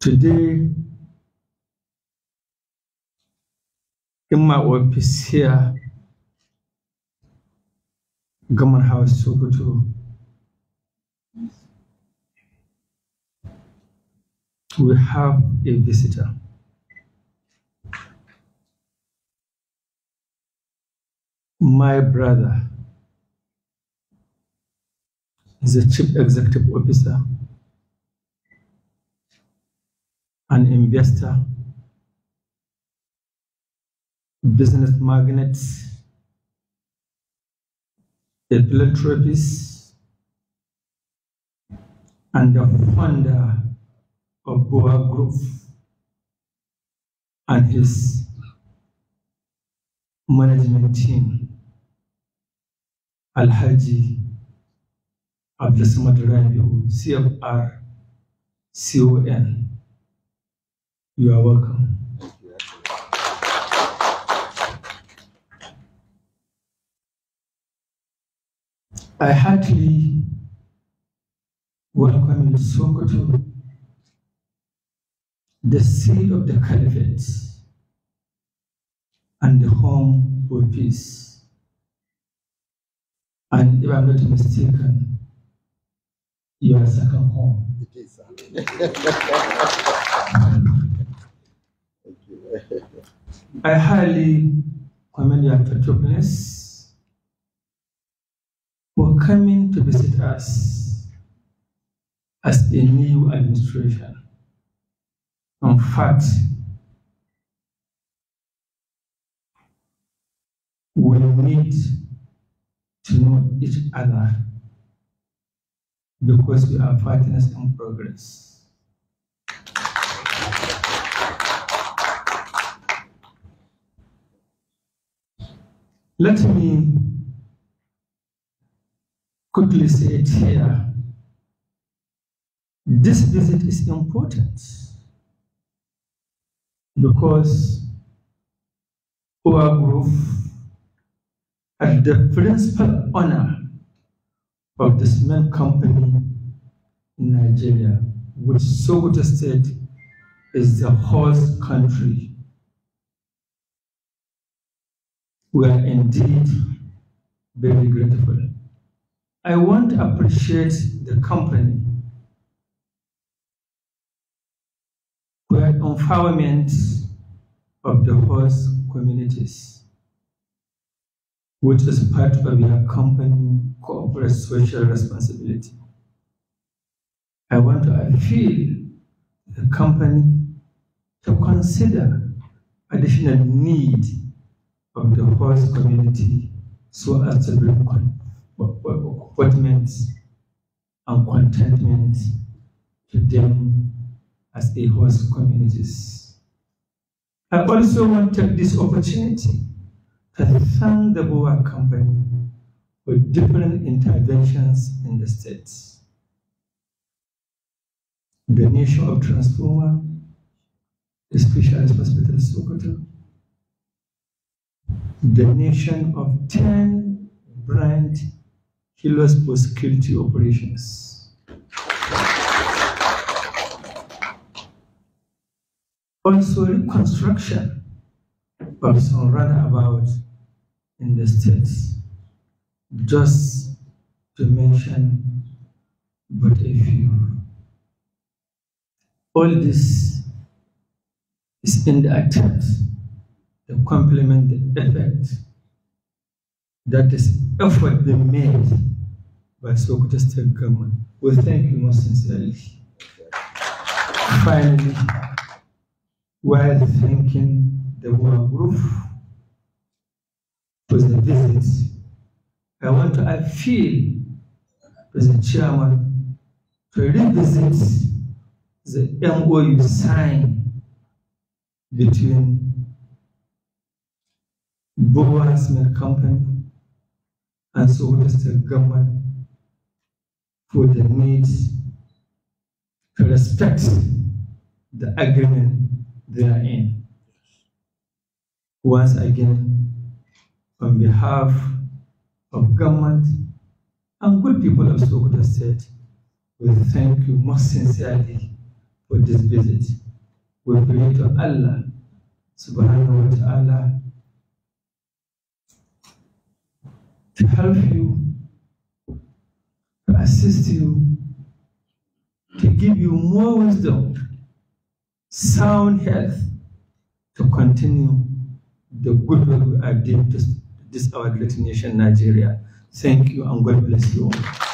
Today, in my office here, government House Sokoto, we have a visitor. My brother, is the chief executive officer an investor, business magnate, a philanthropist, and the founder of Boa Group and his management team, Alhaji Abdulsamad Rabiu, CFR, CON. You are welcome. I heartily welcome in Sokoto the seal of the caliphate and the home for peace. And if I'm not mistaken, you are second home. It is. I highly commend your faithfulness for coming to visit us as a new administration. In fact, we need to know each other because we are partners in progress. Let me quickly say it here. This visit is important because our group had the principal honor of this main company in Nigeria, which so Sokoto State is the host country we are indeed very grateful. I want to appreciate the company, where empowerment of the host communities, which is part of your company corporate social responsibility. I want to appeal the company to consider additional need of the host community so as to bring commitment and contentment to them as a host communities. I also want to take this opportunity to thank the Boa Company for different interventions in the states. Donation of transformer, the specialized hospital Sokoto, donation of 10 brand kilos for security operations. also reconstruction of some runabout in the states, just to mention but a few. All this is in the attempt the complement effort That is effort being made by Sokoto State government. We thank you most sincerely. Finally, while thanking the world group for the visit, I want to appeal to the chairman to revisit the MOU signed between my Company and so the government for the need to respect the agreement they are in. Once again, on behalf of government and good people of Sokoto State, we thank you most sincerely for this visit. We pray to Allah subhanahu wa ta'ala help you, to assist you, to give you more wisdom, sound health, to continue the good work we are doing to this our great nation, Nigeria. Thank you and God bless you all.